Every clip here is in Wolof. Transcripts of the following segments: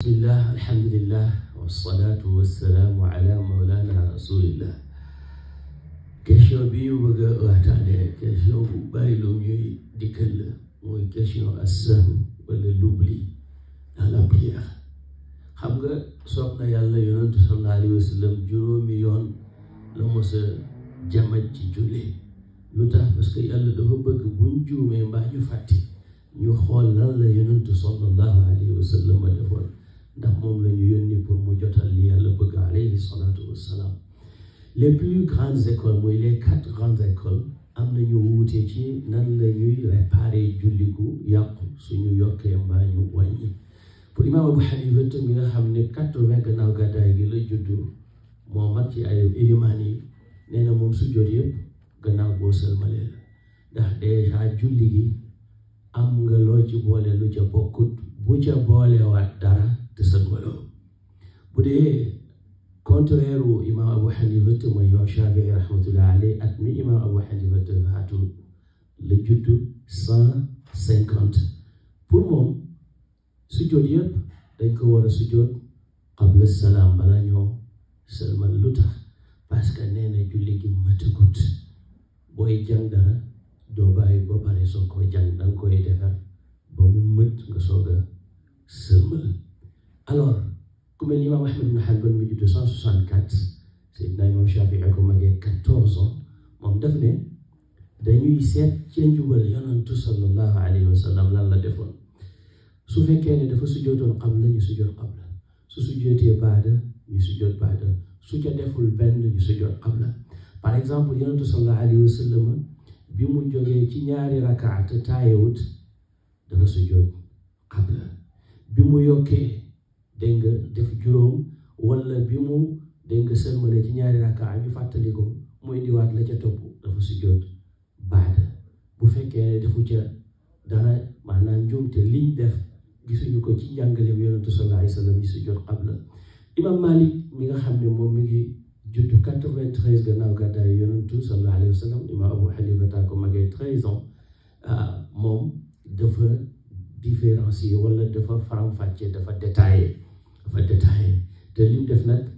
بسم الله الحمد لله والصلاة والسلام على مولانا رسول الله كشو بيو بقى واحد عليه كشو بايلو ميوي ديكل موي كشو السهو ولا لوبلي على بيه خبقى صوبنا يلا يونان صلى الله عليه وسلم جرو ميون لمس جمج جولي لوتا بس كي يلا دهبك بونجو مي مباجو فاتي يخول لالا يونان صلى الله عليه وسلم ودفول ndax moom la ñu yónni pour mu jotal li yàlla bëgg alayhi salaatu wassalaam les plus grandes écoles mooy les quatre grandes écoles am nañu wuute ci nan la ñuy réparer julli gu yàqu suñu yokkee mbaa ñu wàññi pour imaam Abu Hanifa mi nga xam ne quatre-vingt gannaaw gàddaay gi la juddu moo mag ci ay ilimaan yi nee na moom sujjóot yëpp gannaaw boo sëlmalee la ndax déjà julli gi am nga loo ci boole lu ca bokkut bu ca boolewaat dara bu dee contraire wu abu xanifa te mooy imaam shafii at mi imaam abu xanifa te faatu la judd cent cinquante pour sujjoot yëpp dañ ko war sujjoot qabla salaam bala ñoo sëlmal lu tax parce que nee na julli gi matagut booy jàng dara doo bàyyi ba pare soo ko ba mu mët nga soog a Seydina Imam Shafii ko magee quatorze ans moom def ne dañuy seet ci njubal yonantu sallallahu alayhi wa lan la defoon su fekkee ne dafa sujjootoon qabla ñu sujjoot qabla su sujjootee baada ñu sujjoot baada su ca deful benn ñu sujjoot qabla par exemple yonantu sallallahu alayhi wa bi mu jógee ci ñaari rakaat taayewut dafa sujjoot qabla bi mu yokkee dégg nga def juróom wala bi mu dégg nga ci ñaari rakka ñu fàttali ko mu indiwaat la ca topp dafa sujjóot baada bu fekkee defu ci dara maanaam njuumte liñ def gisuñu ko ci njàngaleem yonentu sallallahu alayhi wasallam yi sujjóot qabla imam malik nga xam ne moom mi ngi juddu 93 gannaaw gàddaay yonentu sallallahu alayhi wasallam imam abu xanifa taa ko magee 13 ans ah, moom dafa différencier wala dafa faram dafa détaillé dafa détaillé te lim def nag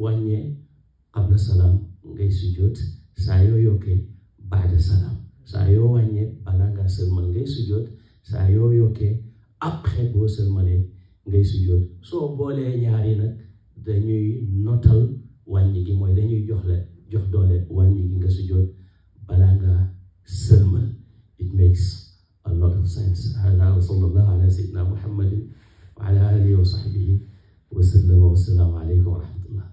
wañé qabla salam ngay sujud sa oh, yo ya, yoké ba'da salam sa yo wañé bala nga seulement ngay sujud sa oh, yo ya, yoké après bo seulement ngay sujud so bolé ñaar yi nak dañuy notal wañi gi moy dañuy jox la jox doole wañi gi nga sujud bala nga seulement it makes a lot of sense hada wa sallallahu ala sayyidina muhammadin وعلى آله وصحبه وسلم والسلام عليكم ورحمة الله